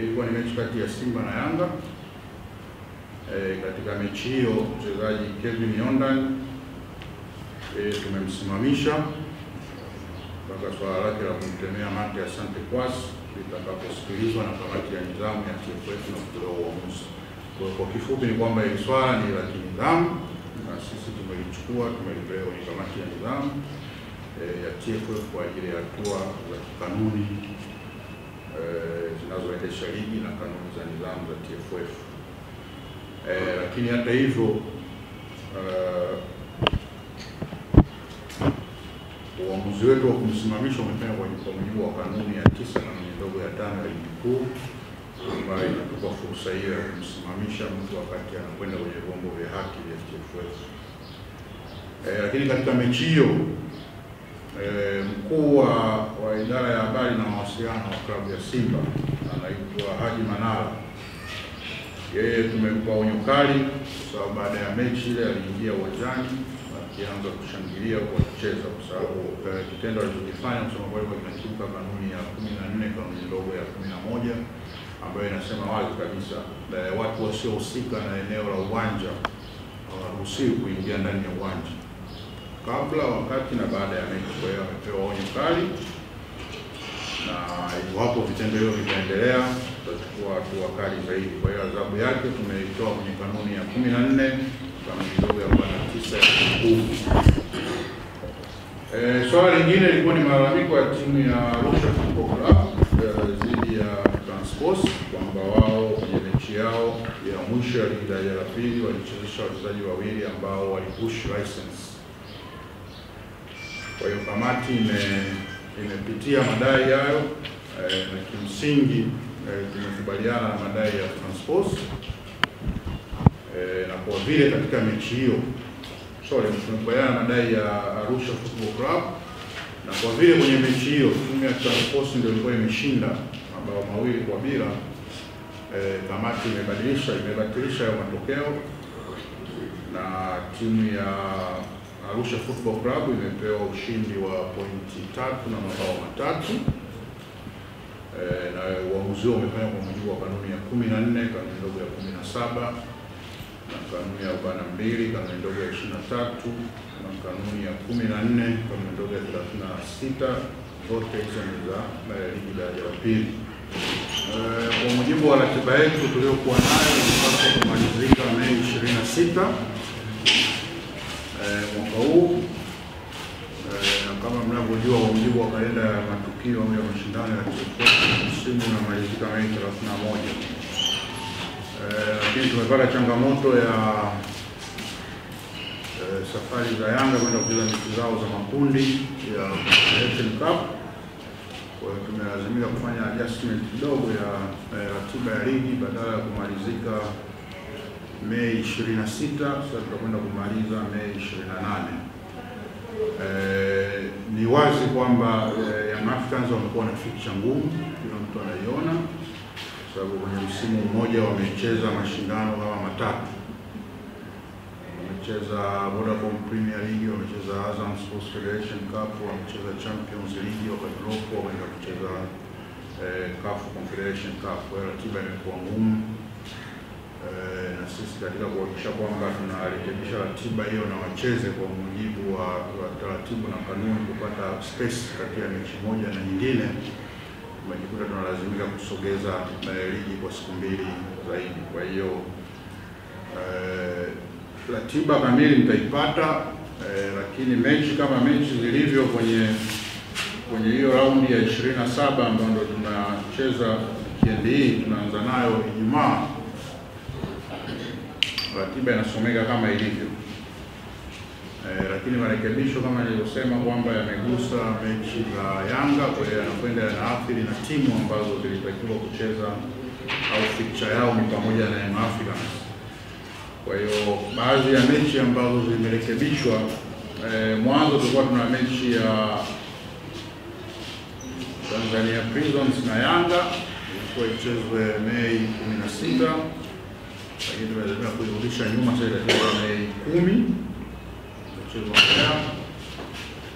ilikuwa ni mechi kati ya Simba na Yanga. E, katika mechi hiyo mchezaji Kevin Yondan e, tumemsimamisha mpaka swala lake la kumtemea mate Asante Kwas litakaposikilizwa na kamati ya nidhamu ya TFF na kutolewa uamuzi. Kwa kifupi ni kwamba hili swala ni la kinidhamu na sisi tumelichukua tumelipeleka kwenye kamati ya nidhamu e, ya TFF kwa ajili ya hatua za kikanuni Eh, zinazoendesha ligi na kanuni za nidhamu za TFF. E, eh, lakini hata hivyo eh, uamuzi wetu wa kumsimamisha umefanya kwa mujibu wa kanuni ya tisa na ndogo ya tano ya ligi kuu ambayo inatupa fursa hiyo ya kumsimamisha mtu wakati anakwenda kwenye vyombo vya haki vya TFF. E, lakini katika mechi hiyo Eh, mkuu wa idara ya habari na mawasiliano wa klabu ya Simba anaitwa Haji Manara. Yeye tumempa onyo kali kwa sababu baada ya mechi ile aliingia uwanjani akianza kushangilia kwa kucheza, kwa sababu eh, kitendo alichokifanya kusema kweli kinakiuka kanuni ya kumi na nne kanuni ndogo ya kumi na moja ambayo inasema wazi kabisa eh, watu wasiohusika na eneo la uwanja hawaruhusiwi kuingia ndani ya uwanja kabla, wakati na baada ya mechi. Kwa hiyo amepewa onyo kali, na iwapo vitendo hivyo vitaendelea, tutachukua hatua kali zaidi. Kwa hiyo adhabu yake tumeitoa kwenye kanuni ya kumi na nne kanuni ndogo ya na tisa ya kuu. E, swala lingine ilikuwa ni malalamiko ya timu ya Arusha Football Club eh, dhidi ya Transports kwamba wao kwenye mechi yao ya mwisho ya ligi daraja la pili walichezesha wachezaji wawili ambao walipush license kwa hiyo kamati ime, imepitia madai hayo eh, na kimsingi tumekubaliana eh, na madai ya transport eh, na kwa vile katika mechi hiyo sorry, tumekubaliana na madai ya Arusha Football Club na kwa vile kwenye mechi hiyo timu ya Transport ndio ilikuwa imeshinda mabao mawili kwa bila eh, kamati imebadilisha imebatilisha hayo matokeo na timu ya Arusha Football Club imepewa ushindi wa pointi tatu na mabao matatu e, na uamuzi huo umefanywa kwa mujibu wa kanuni ya 14, kanuni ndogo ya 17 na kanuni ya arobaini mbili kanuni ndogo ya 23 na kanuni ya 14, kanuni ndogo ya 36, zote hizo ni za e, ligi daraja la pili. E, kwa mujibu wa ratiba yetu tuliokuwa nayo ilipaswa kumalizika Mei 26 Eh, mwaka huu eh, na kama mnavyojua, kwa mujibu wa kalenda ya matukio ya mashindano ya kiufundi msimu unamalizika Mei 31, eh, lakini tumepata changamoto ya safari za Yanga kwenda kucheza mechi zao za makundi ya Confederation Cup. Kwa hiyo tumelazimika kufanya adjustment kidogo ya ratiba ya ligi badala ya kumalizika Mei 26 sasa tutakwenda kumaliza Mei 28. Eh, ni wazi kwamba eh, Young Africans wamekuwa na fikicha ngumu, kila mtu anaiona, kwa sababu kwenye msimu mmoja wamecheza mashindano kama matatu, wamecheza Vodacom Premier League, wamecheza Azam Sports Federation Cup, wamecheza Champions League, wakadropo, wakaenda kucheza eh, CAF Confederation Cup. Kwa ratiba imekuwa ngumu Eh, na sisi katika kuhakikisha kwamba tunarekebisha ratiba hiyo na wacheze kwa mujibu wa, wa taratibu na kanuni, kupata space kati ya mechi moja na nyingine, tumejikuta tunalazimika kusogeza eh, ligi kwa siku mbili zaidi. Kwa hiyo eh, ratiba kamili mtaipata eh, lakini mechi kama mechi zilivyo kwenye kwenye hiyo raundi ya 27 ambayo ndo tunacheza wikendi hii, tunaanza nayo Ijumaa ratiba inasomeka kama ilivyo. E, lakini marekebisho kama nilivyosema kwamba yamegusa mechi za Yanga, kwa hiyo yanakwenda yanaathiri na timu ambazo zilitakiwa kucheza au fikcha yao ni pamoja na Young Africans. Kwa hiyo baadhi ya mechi ambazo zimerekebishwa, e, mwanzo tulikuwa tuna mechi ya Tanzania Prisons na Yanga ilikuwa ichezwe Mei 16 lakini tumelazimika kuirudisha nyuma sasa itachezwa Mei kumi itachezwa Mbeya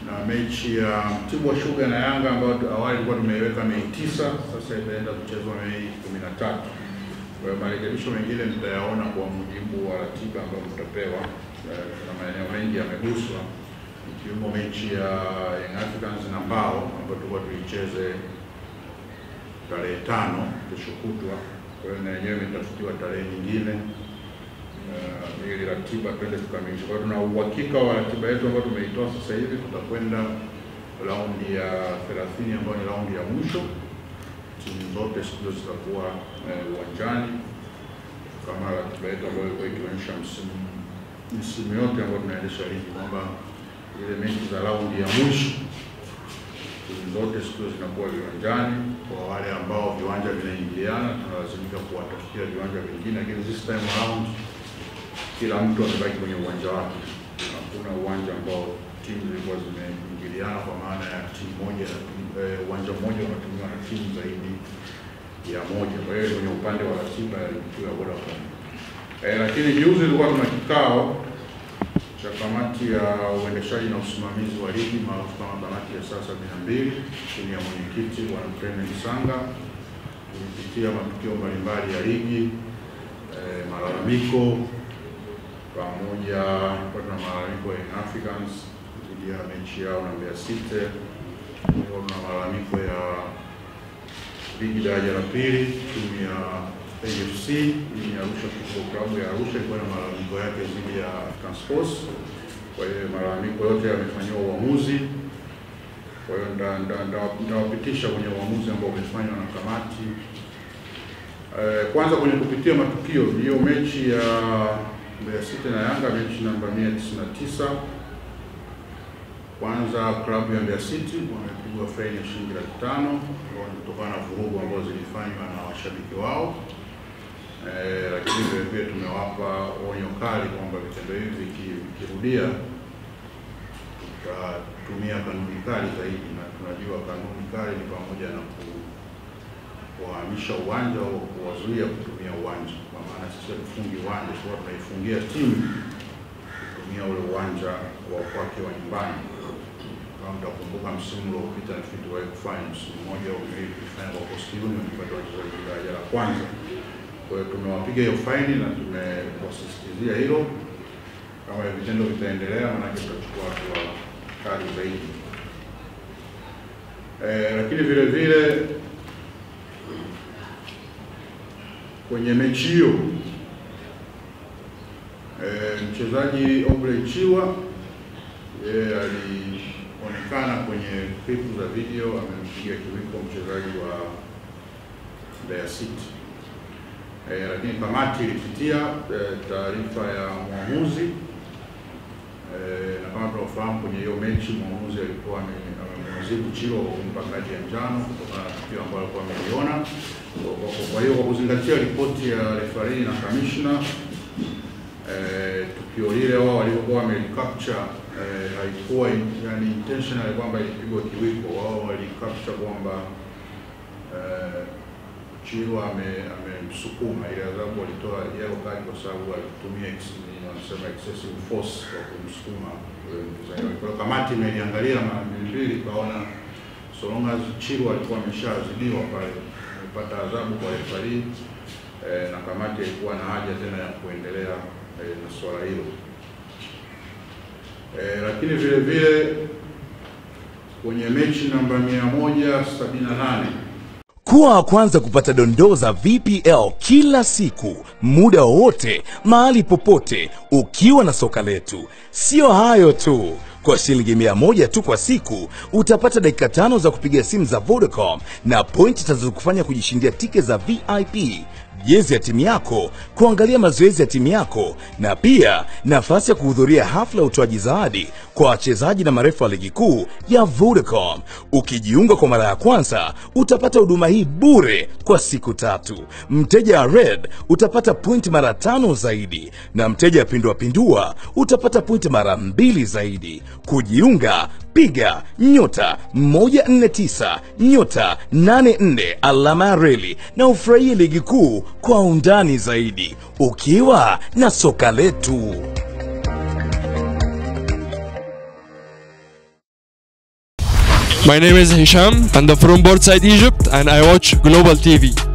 na mechi ya Mtibwa Sugar na Yanga ambayo awali ilikuwa tumeiweka Mei tisa sasa itaenda kuchezwa Mei kumi na tatu. Kwa hiyo marekebisho mengine mtayaona kwa mujibu wa ratiba ambayo mtapewa. Eh, na maeneo mengi yameguswa ikiwemo mechi ya Young Africans na Mbao ambayo tulikuwa tuicheze tarehe tano kesho kutwa kwa hiyo na yenyewe imetafutiwa tarehe nyingine uh, ili ratiba twende tukamilisha. Kwa hiyo tuna uhakika wa ratiba yetu ambayo tumeitoa sasa hivi, tutakwenda raundi ya thelathini ambayo ni raundi ya mwisho. Timu zote studio zitakuwa uh, uwanjani uh, kama ratiba yetu ambayo ilikuwa ikionyesha msimu msimu yote ambayo tunaendesha ligi kwamba ile mechi za raundi ya mwisho timu zote siku zinakuwa viwanjani. Kwa wale ambao viwanja vinaingiliana, tunalazimika kuwatafutia viwanja vingine, lakini this time around kila mtu amebaki kwenye uwanja wake. Hakuna uwanja ambao timu zilikuwa zimeingiliana, kwa maana ya timu moja eh, uwanja e, mmoja unatumiwa na timu zaidi ya moja. Kwa hiyo kwenye upande wa ratiba ya Vodacom e, lakini juzi ilikuwa kuna kikao cha kamati ya uendeshaji na usimamizi wa ligi maarufu kama kamati ya saa sabini na mbili chini ya mwenyekiti Bwana Clement Sanga kupitia matukio mbalimbali ya ligi e, malalamiko pamoja na malalamiko ya Africans dhidi ya mechi yao na Mbeya City, na malalamiko ya ligi daraja la pili timu ya AFC ni Arusha, klabu ya Arusha ilikuwa na malalamiko yake dhidi ya African Sports. Kwa hiyo malalamiko yote yamefanyiwa uamuzi. Kwa hiyo ndawapitisha kwenye uamuzi ambao umefanywa na kamati. Eh, kwanza kwenye kupitia matukio, hiyo mechi ya Mbeya City na Yanga, mechi namba 199 kwanza klabu ya Mbeya City wamepigwa faini ya shilingi laki tano kutokana na vurugu ambazo zilifanywa na washabiki wao eh, lakini vile vile tumewapa onyo kali kwamba vitendo hivi vikirudia tutatumia kanuni kali zaidi, na tunajua kanuni kali ni pamoja na kuwahamisha kuhamisha uwanja au kuwazuia kutumia uwanja. Kwa maana sisi hatufungi uwanja, tuwa tunaifungia timu kutumia ule uwanja wa kwake wa nyumbani. Kama mtakumbuka msimu uliopita, nafikiri tuwahi kufanya msimu mmoja au miwili, tulifanya kwa Coastal Union, tulipata wachezaji daraja la kwanza kwa hiyo tumewapiga hiyo faini na tumewasisitizia hilo, kama vitendo vitaendelea, maanake tutachukua hatua kali zaidi. E, lakini vile vile kwenye mechi hiyo e, mchezaji Obley Chiwa yeye alionekana kwenye klipu za video amempiga kiwiko mchezaji wa Mbeya City eh, lakini kamati ilipitia eh, taarifa ya mwamuzi eh, na kama tunafahamu kwenye hiyo mechi mwamuzi alikuwa eh, amemzibu Chilo kumpa kadi ya njano kutokana na tukio ambalo alikuwa ameliona. Kwa hiyo kwa kuzingatia ripoti ya refari na kamishna eh, tukio lile wao walikuwa wamelicapture eh, haikuwa yani intentional kwamba ilipigwa kiwiko, wao walicapture kwamba eh, chiro amemsukuma ame ile adhabu walitoa jeo kali kwa sababu alitumia wanasema excessive force kwa kumsukuma mpinzani. Kwa kamati imeliangalia mara mbili mbili, kaona so long as Chilo alikuwa ameshaadhibiwa pale, amepata adhabu kwa refari eh, na kamati ilikuwa na haja tena ya kuendelea eh, na swala hilo eh, lakini vile vile kwenye mechi namba mia moja sabini na nane kuwa wa kwanza kupata dondoo za VPL kila siku, muda wowote, mahali popote, ukiwa na soka letu. Siyo hayo tu, kwa shilingi 1 tu kwa siku utapata dakika tano za kupiga simu za Vodacom na pointi zitazokufanya kujishindia tike za VIP, jezi ya timu yako, kuangalia mazoezi ya timu yako na pia nafasi ya kuhudhuria hafla ya utoaji zawadi kwa wachezaji na marefu wa ligi kuu ya Vodacom. Ukijiunga kwa mara ya kwanza, utapata huduma hii bure kwa siku tatu. Mteja wa Red utapata point mara tano zaidi, na mteja wa Pindua Pindua utapata point mara mbili zaidi. Kujiunga, piga nyota 149 nyota 84 alama ya reli na ufurahie ligi kuu kwa undani zaidi ukiwa na soka letu. My name is Hisham and I'm from Portside, Egypt and I watch Global TV.